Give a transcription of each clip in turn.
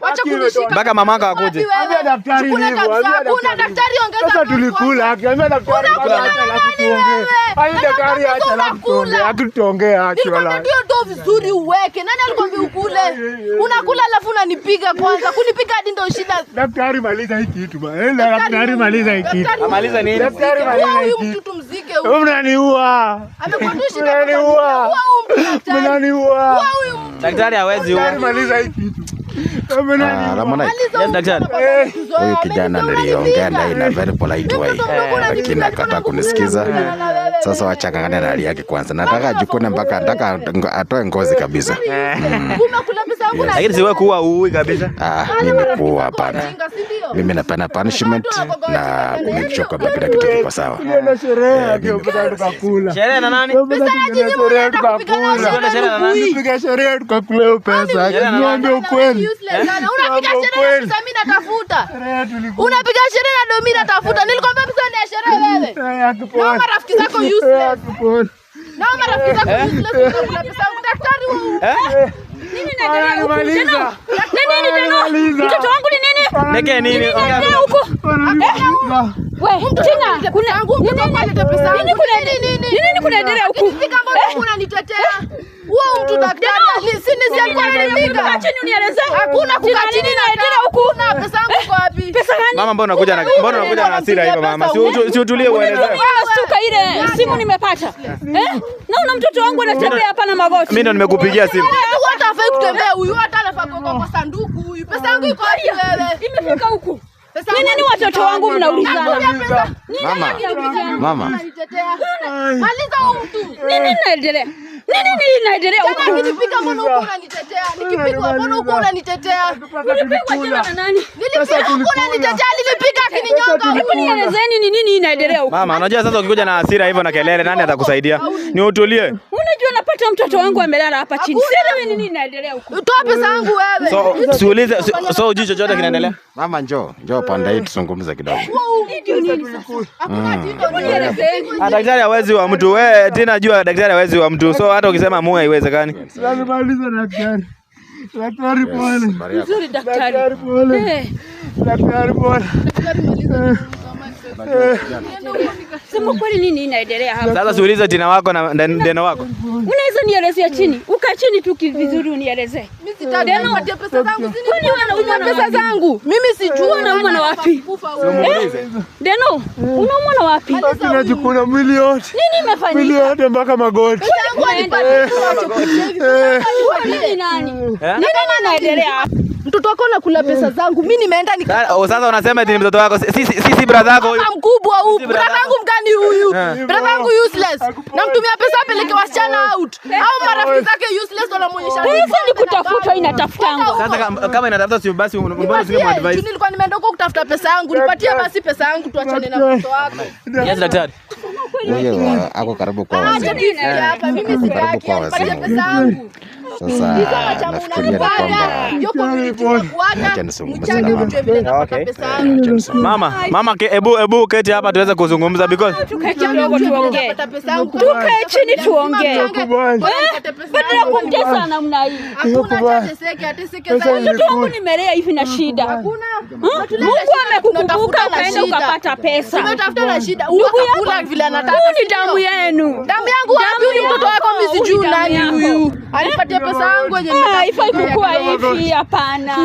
Wacha kunishika. Mpaka mamaka akuje. Ambia daftari hivyo. Kuna daktari ongeza. Sasa tulikula Ambia daftari kula daktari la Hayo daftari acha la kutuongea. Hakutongea haki wala. Ndio ndio vizuri uweke. Nani alikwambia ukule? Unakula alafu unanipiga kwanza. Kunipiga hadi ndio shida. Daftari maliza hii kitu bana. Daftari maliza hii kitu. Maliza nini? Daktari maliza hii kitu. Mtu mzike huyu. Unaniua. Amekuwa tu shida. Unaniua. Unaniua. Daktari hawezi. Daktari maliza hii kitu. Ah, eh, huyu kijana niliongea naye in a very polite way, eh, lakini akata kunisikiza. Sasa wachangane na hali yake kwanza, nataka ajikune mpaka nataka atoe ngozi kabisa lakini siwe kuwa uwi kabisa. Ah, ah mimi kuwa hapana. Mimi napana punishment na kumake sure kila kitu kiko sawa. Piga eh, sherehe tukakula hiyo pesa. Niombe yaani ukweli. Yaani Unapiga sherehe na mimi natafuta. Unapiga sherehe na Domi natafuta. Nilikwambia pesa ni sherehe wewe. Na marafiki zako useless. Na marafiki zako eh? useless. Daktari wewe mtoto wangu ni nini? Neke nini? Unanitetea. Wewe mtu daktari alisini si alikuwa ananipiga. Kaa chini Hakuna kukaa chini na tena huku. Na pesa yangu kwa wapi? Pesa gani? Mama mbona unakuja na mbona unakuja na hasira hivyo mama? Si utulie uelezee. Unashtuka ile simu nimepata. Eh? una mtoto wangu anatembea hapa na magoti. Mimi ndo nimekupigia simu. Huyu hata afai kutembea huyu hata anafaa kwa sanduku huyu. Pesa yangu iko wapi wewe? Imefika huku. Ni watoto wangu mnaulizana? Mama, mama, maliza huyu mtu. nini naendelea? Ni nini inaendelea huko? Kama nikipika mbona huko unanitetea? Nikipigwa mbona huko unanitetea? Nilipigwa jana na nani? Nilipigwa unanitetea, nilipika akininyonga. Hebu nielezeni ni nini inaendelea huko? Mama, unajua sasa ukikuja na hasira hivyo na kelele nani atakusaidia? niutulie Unajua na hata mtoto wangu mm. amelala hapa chini. Sasa nini inaendelea huko? Toa pesa yangu wewe. So siulize so ujui chochote kinaendelea? Mm. Mama njoo, njoo panda hii eh. tuzungumze kidogo. Mm. Ah, daktari hawezi wa mtu. Wewe tena jua daktari hawezi wa mtu. So hata ukisema muue haiwezekani. Lazima malize daktari. Daktari pole. Nzuri eh. Daktari Daktari pole. Daktari pole. Sema kweli nini inaendelea hapa? Sasa siulize jina wako na deno wako. Unaweza nielezea chini? Uka chini tu vizuri unielezee. Mimi sitaki pesa zangu. Kwani unauma na pesa zangu? Mimi sijua unauma eh? na wapi. Deno, unauma na wapi? Tunajikuna mwili yote. Nini imefanyika? Mwili yote mpaka magoti. Eh? Nini nani? anaendelea hapa? Mtoto wako anakula pesa zangu. Mimi nimeenda ni oh, Sasa unasema ni mtoto wako. Si si brother yako huyu. Mkubwa huyu. Brother yangu mgani huyu? Brother yangu useless. Namtumia pesa apeleke wasichana out. Au marafiki zake useless wanamuonyesha. Pesa ni kutafuta inatafuta inatafutanga. Sasa kama inatafuta sio basi mbona usinge advice? Mimi nilikuwa nimeenda huko kutafuta pesa yangu. Nipatie basi pesa yangu tuachane na mtoto wako. Yes daktari. Uh, ako karibu kwa ah, wazee. Acha mimi sitaki. Nipatie pesa yangu. Sasa nafikiria na kwamba mama, mama, ebu ebu keti hapa tuweze kuzungumza because tukae chini tuongee. Eh? Badala kumtesa hii, wangu hivi na shida. ukaenda hmm? ukapata pesa. Ndugu ni damu yenu. Damu yangu wapi? Mtoto wako mimi sijui nani huyu alipatia pesa yangu yenye haifai eh, kukua hivi, hapana.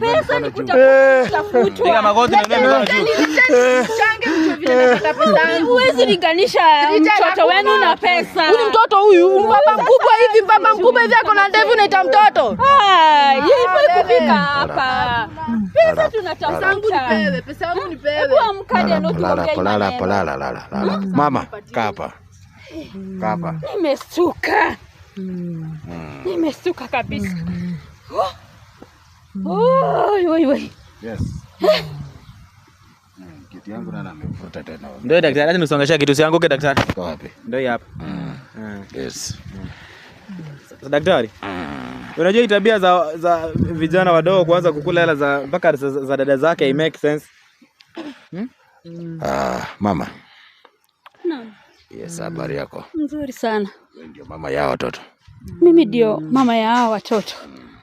Pesa ni kutafutwa. Eh. Eh. Huwezi linganisha mtoto wenu na pesa. Huyu mtoto huyu baba mkubwa hivi, baba mkubwa hivi ako na ndevu naita mtoto. Haifai ah, kufika hapa. Pesa tunatafuta. Mama, kaa hapa. Kaa hapa. Nimestuka. Mm. Nimesuka kabisa. Mm. Oh. Mm. Oh, Yes. Mm. Kiti yangu nana amevuruta tena. Ndio daktari, acha nisongeshe kitu changu ke daktari. Kwa wapi? Ndio hapa. Hmm. Hmm. Yes. Mm. daktari. Hmm. Unajua tabia za, za vijana wadogo kuanza kukula hela za mpaka za, za dada zake, it make sense. Hmm? Mm. Ah, mama. Naam. Yes, mm. habari yako? Nzuri sana. ndio mama ya watoto? Mimi ndio mama ya hao watoto.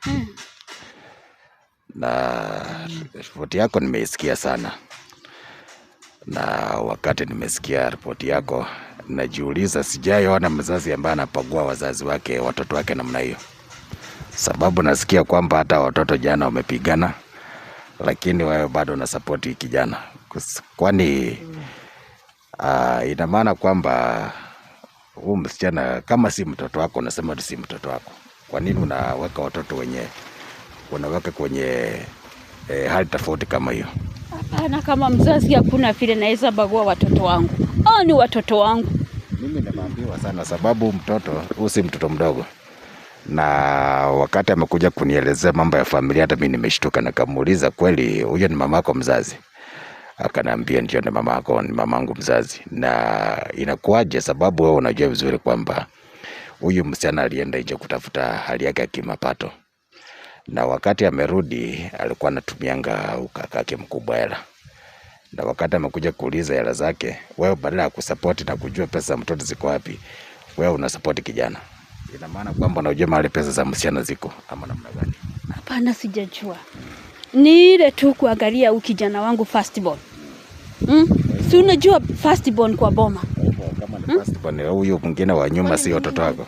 Mm. Na ripoti yako nimeisikia sana, na wakati nimesikia ripoti yako najiuliza, sijaiona mzazi ambaye anapagua wazazi wake watoto wake namna hiyo, sababu nasikia kwamba hata watoto jana wamepigana, lakini wewe bado unasapoti kijana, kwani mm uh, ina maana kwamba huu msichana kama si mtoto wako unasema si mtoto wako. Kwa nini mm-hmm. unaweka watoto wenye unaweka kwenye eh, hali tofauti kama hiyo? Hapana, kama mzazi hakuna vile naweza bagua watoto wangu. Oh, ni watoto wangu. Mimi nimeambiwa sana, sababu mtoto huu si mtoto mdogo, na wakati amekuja kunielezea mambo ya familia, hata mimi nimeshtuka, nikamuuliza kweli, huyo ni mamako mzazi? Akaniambia ndio, ni mamako, ni mamangu mzazi. Na inakuwaje? Sababu wewe unajua vizuri kwamba huyu msichana alienda nje kutafuta hali yake ya kimapato, na wakati amerudi alikuwa anatumianga ukaka yake mkubwa hela, na wakati amekuja kuuliza hela zake, wewe badala ya kusapoti na kujua pesa za mtoto ziko wapi, wewe unasapoti kijana. Ina maana kwamba unajua mahali pesa za msichana ziko ama namna gani? Hapana, sijajua. Ni ile tu kuangalia ukijana wangu firstborn Mm. Si unajua first born kwa boma. Kama ni first born huyo mwingine wa nyuma si watoto wako.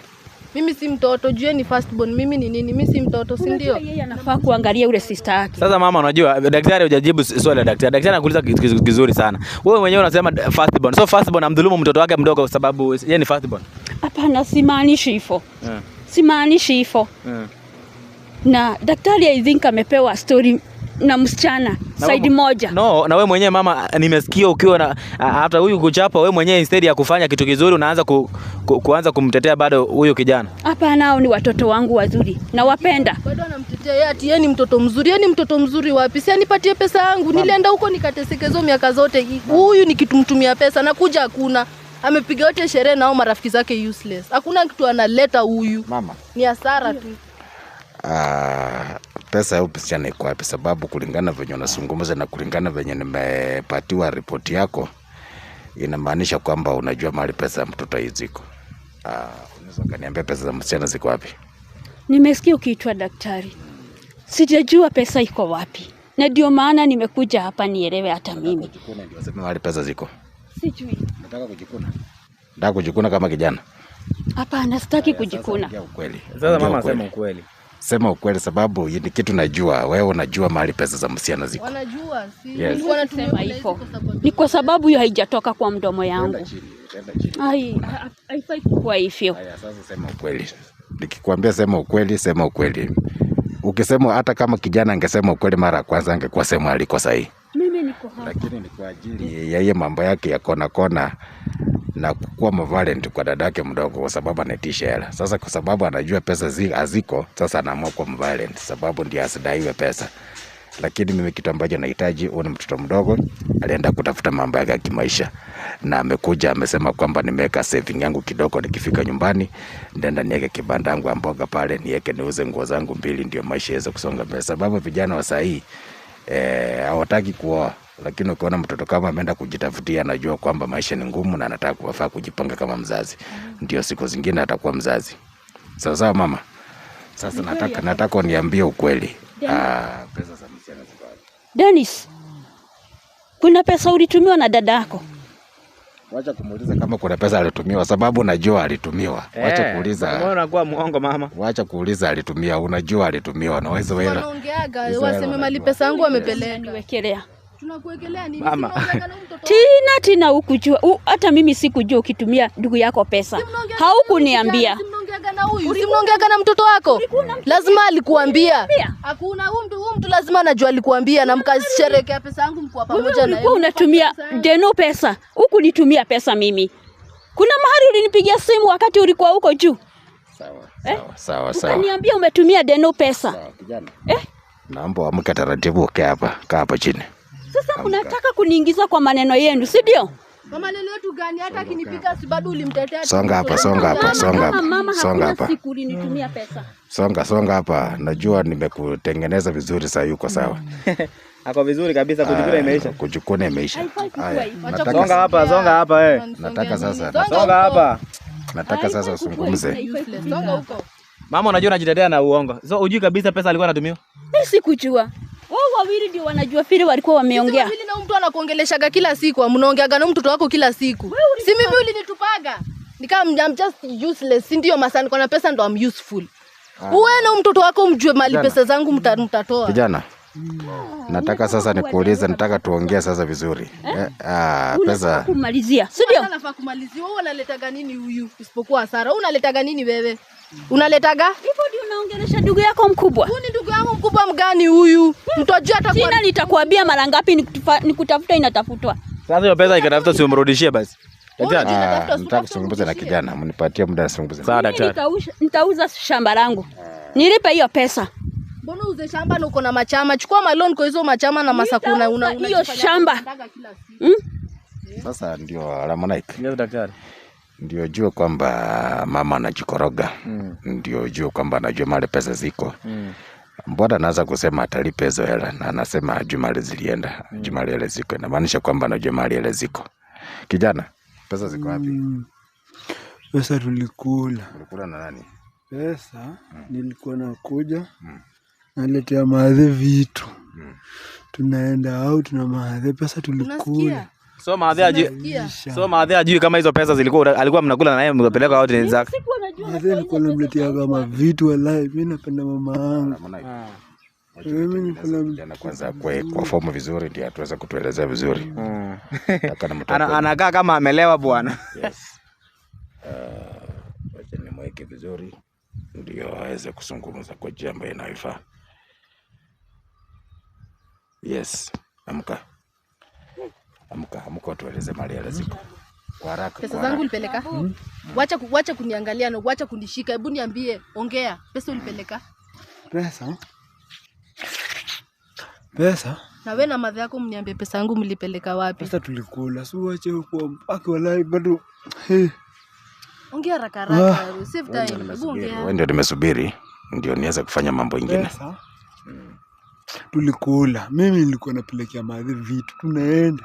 Mimi si mtoto, jue ni first born. Mimi ni nini? Mimi si mtoto, si ndio? Yeye anafaa kuangalia yule sister yake. Sasa mama, unajua daktari hujajibu swali la daktari. Daktari anakuuliza kitu kizuri sana. Wewe mwenyewe unasema first born. So first born amdhulumu mtoto wake mdogo kwa sababu yeye ni first born. Hapana, simaanishi hivyo. Yeah. Simaanishi hivyo. Yeah. Na daktari I think amepewa story na msichana na side moja. No, na we mwenyewe mama, nimesikia ukiwa na hata huyu kuchapa, we mwenyewe instead ya kufanya kitu kizuri unaanza ku, ku, kuanza kumtetea bado huyu kijana. Hapana, hao ni watoto wangu wazuri, nawapenda. Bado anamtetea yeye ati yeye ni mtoto mzuri. Yeye ni mtoto mzuri wapi? Si anipatie pesa yangu, nilienda huko nikatesekezo miaka zote. Huyu ni kitu mtumia pesa, nakuja hakuna amepiga yote sherehe nao marafiki zake useless. Hakuna kitu analeta huyu. Mama. Ni hasara tu. Ah, pesa au msichana iko wapi, sababu kulingana venye unazungumza na kulingana venye nimepatiwa ripoti yako inamaanisha kwamba unajua mahali pesa ya mtoto hizi ziko. Ah, unaweza kaniambia pesa za msichana ziko wapi? Nimesikia ukiitwa daktari, sijajua pesa iko wapi, na ndio maana nimekuja hapa nielewe hata mimi. Sema mahali pesa ziko. Sijui. Nataka kujikuna. Nataka kujikuna kama kijana. Hapana, sitaki kujikuna. Sasa mama, sema ukweli. Sema ukweli, sababu ni kitu najua. Wewe unajua mahali pesa za msichana ziko, wanajua si yes. ni kwa sababu hiyo haijatoka kwa mdomo yangu. haifai kuwa hivyo. sasa sema ukweli. Nikikwambia sema ukweli, sema ukweli. Ukisema hata kama kijana angesema ukweli mara ya kwanza, angekuwa sehemu aliko sahii. Mimi niko hapa, lakini ni kwa ajili ya hiyo mambo yake ya kona kona na kukuwa mavalent kwa dadake mdogo kwa sababu anaitisha hela. Sasa kwa sababu anajua pesa haziko, sasa anaamua kuwa mvalent sababu ndio asidaiwe pesa. Lakini mimi kitu ambacho nahitaji, huyu ni mtoto mdogo alienda kutafuta mambo yake ya kimaisha, na amekuja amesema kwamba nimeweka saving yangu kidogo, nikifika nyumbani ndenda niweke kibanda yangu amboga pale, niweke niuze nguo zangu mbili, ndio maisha yaweze kusonga mbele, sababu vijana wa sahii eh, hawataki kuoa lakini ukiona mtoto kama ameenda kujitafutia, anajua kwamba maisha ni ngumu na anataka kuwafaa kujipanga kama mzazi, mhm. ndio siku zingine atakuwa mzazi. Sawa sawa mama. Sasa nataka nataka uniambie ukweli. Ah, pesa za msichana ziko wapi? Dennis, kuna pesa ulitumiwa na dada yako? Wacha kumuuliza kama kuna pesa alitumiwa, sababu najua alitumiwa. Eh, Wacha hey, kuuliza. Mbona unakuwa muongo mama? Wacha kuuliza alitumia, unajua alitumiwa naweza wewe Wanaongeaga waseme mali pesa yangu wamepeleka. niwekelea tunakuwekelea nini? Mama Tina, Tina, hukujua hata mimi sikujua ukitumia ndugu yako pesa, haukuniambia. Usimnongeaga na mtoto wako, lazima alikuambia. Hakuna huyu mtu, huyu mtu lazima anajua, alikuambia na mkasherekea pesa yangu mkua pamoja na yeye. Unatumia deno pesa, huku nitumia pesa mimi. Kuna mahali ulinipigia simu wakati ulikuwa huko juu sawa, eh? sawa, sawa. Ukaniambia umetumia deno pesa sawa, kijana. Eh? Naomba amka taratibu, kaa hapa, kaa hapa chini. Sasa mnataka kuniingiza kwa maneno yenu, si ndio? Kwa maneno yetu gani? Hata akinipiga si bado ulimtetea. Songa hapa, songa hapa, songa hapa. Mama songa hapa. Siku ulinitumia pesa. Songa, songa hapa. Najua nimekutengeneza vizuri sasa yuko sawa. Ako vizuri kabisa, kujikuna imeisha. Kujikuna imeisha. Haya. Nataka songa hapa, songa hapa wewe. Eh. Nataka sasa. Songa hapa. Nataka sasa usungumze. Songa huko. Mama, unajua unajitetea na uongo. So ujui kabisa pesa alikuwa anatumia? Mimi sikujua wawili ndio wanajua vile walikuwa wameongea. Wawili na mtu anakuongeleshaga kila siku, mnaongeaga na mtoto wako kila siku. Si mimi ulinitupaga nikawa I'm just useless, si ndio? Masa niko na pesa ndo I'm useful. Wewe ah. na mtoto wako mjue mali pesa zangu mtatoa. Kijana. Mm nataka sasa nikuulize, nataka tuongee sasa vizuri eh? eh ah, pesa kumalizia, si ndio? Nafaa kumalizia. Wewe unaletaga nini huyu isipokuwa hasara? Wewe unaletaga nini wewe? Unaletaga hivyo ndio unaongelesha ndugu yako mkubwa. Huyu ni ndugu yangu mkubwa mgani huyu? Mtojua atakuwa sina, nitakwambia mara ngapi nikutafuta, inatafutwa sasa. Hiyo pesa ikatafuta, si umrudishie basi. Nataka kuzungumza na kijana, mnipatie muda nizungumze. Sawa daktari, nitauza shamba langu nilipe hiyo pesa. Mbona uze shamba na uko na machama? Chukua malon kwa hizo machama na masakuna una una hiyo shamba. Hmm? Sasa ndio Harmonize. Ndio daktari. Ndio jua kwamba mama anajikoroga. Mm. Ndio jua kwamba anajua mali pesa ziko. Mm. Mbona anaanza kusema atalipa hizo hela na anasema jumali mali zilienda, hmm. ajui mali hela ziko. Inamaanisha kwamba anajua mali hela ziko. Kijana, pesa ziko wapi? Mm. Pesa tulikula. Tulikula na nani? Pesa mm. nilikuwa nakuja mm naletea maadhe vitu hmm. tunaenda au tuna maadhe pesa tulikula so maadhe ajui so maadhe ajui kama hizo pesa zilikuwa alikuwa mnakula naye mkapeleka au ni zake maadhe alikuwa anamletea kama vitu wallahi mimi napenda mama ah, yangu ah. kwanza kwa kwa fomu vizuri ndio atuweza kutuelezea vizuri ah. anakaa kama amelewa bwana wacha nimweke vizuri ndio aweze kuzungumza kwa jambo inayofaa Yes. Amka. Amka, amka tueleze mali ya lazima Kwa haraka. Pesa zangu ulipeleka? Hmm? Wacha wacha kuniangalia na wacha kunishika. Hebu niambie, ongea. Pesa ulipeleka? Pesa? Pesa? Na wewe na madhe yako mniambie pesa yangu mlipeleka wapi? Pesa tulikula. Si uache huko mpaka walai bado. Ongea haraka haraka. Ah. Save time. Hebu ongea. Wewe ndio nimesubiri ndio niweze kufanya mambo ingine. Pesa? Hmm tulikula mimi nilikuwa napelekea madhi vitu tunaenda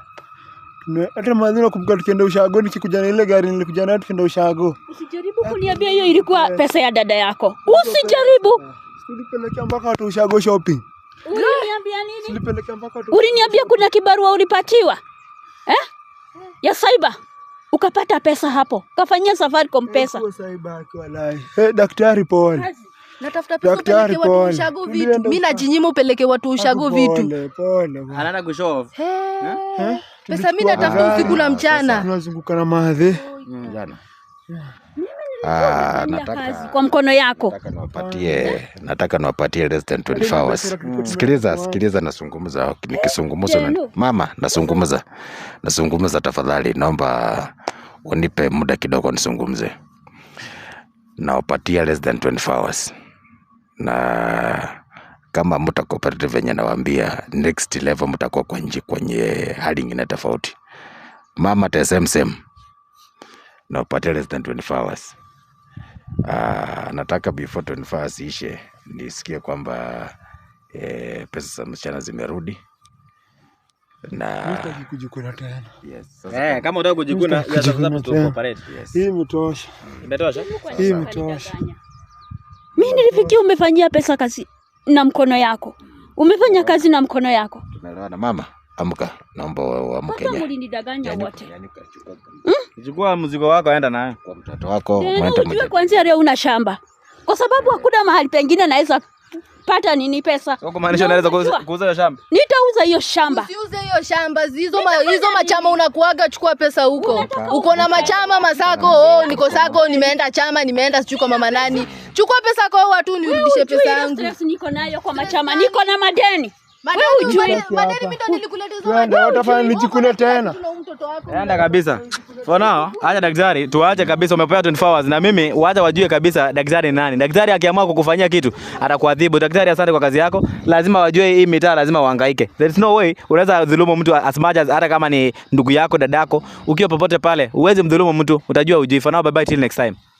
hata madhi nakumbuka tukienda ushago nikikuja na ile gari nilikuja nayo tukienda ushago usijaribu kuniambia hiyo ilikuwa pesa ya dada yako usijaribu tulipelekea mpaka watu ushago shopping uliniambia nini tulipelekea mpaka watu uliniambia kuna kibarua ulipatiwa eh ya saiba ukapata pesa hapo kafanyia safari pesa saiba hey, eh, daktari pole natafuta pesa upeleke watu ushago vitu. Mimi najinyima upeleke watu ushago vitu. Anaenda Pesa mimi natafuta usiku na mchana. Tunazunguka na mm, Ah, nataka kwa mkono yako. Nataka niwapatie, nataka niwapatie less than 24 hours. Sikiliza, sikiliza nasungumza, nikisungumza na mama nasungumza. Nasungumza tafadhali, naomba unipe muda kidogo nisungumze. Nawapatia less than 24 hours na kama mta cooperative venye nawambia next level mtakuwa kwenye, kwenye hali ingine tofauti. Mama the same same na upate less than 24 hours. Uh, nataka before 24 hours ishe nisikie kwamba eh, pesa za mchana zimerudi na kujikuna tena. Yes. Sasa Eh, kama unataka kujikuna, Hii mtosha. Imetosha? Hii mtosha. Mimi nilifikia mm. umefanyia pesa kazi na mkono yako, umefanya kazi na mkono yako. Tunaelewana mama. Amka, naomba uamke. Sasa mlinidanganya wote. Hmm? Chukua mzigo wako aenda nayo kwa mtoto wako. Eh, Ujue kuanzia leo una shamba, kwa sababu eh. hakuna mahali pengine naweza pata nini pesa? Kumaanisha unaweza kuuza hiyo shamba? Nitauza hiyo shamba. Usiuze hiyo shamba, hizo ma, hizo machama unakuaga, chukua pesa huko. Uko na machama masako, oh, niko sako, nimeenda chama, nimeenda sijui kwa mama nani. Chukua pesa kwa watu, nirudishe pesa yangu. Niko nayo kwa machama, niko na madeni utafanya nijikune tena. Enda kabisa. For now, acha daktari, tuwaache kabisa, umepewa 24 hours na mimi, wacha wajue kabisa daktari ni nani. Daktari akiamua kukufanyia kitu, atakuadhibu. Daktari, asante kwa kazi yako. Lazima wajue hii mitaa, lazima uhangaike. There is no way unaweza dhulumu mtu as much as hata kama ni ndugu yako, dadako, ukiwa popote pale, uwezi mdhulumu mtu, utajua ujui. For now, bye bye till next time.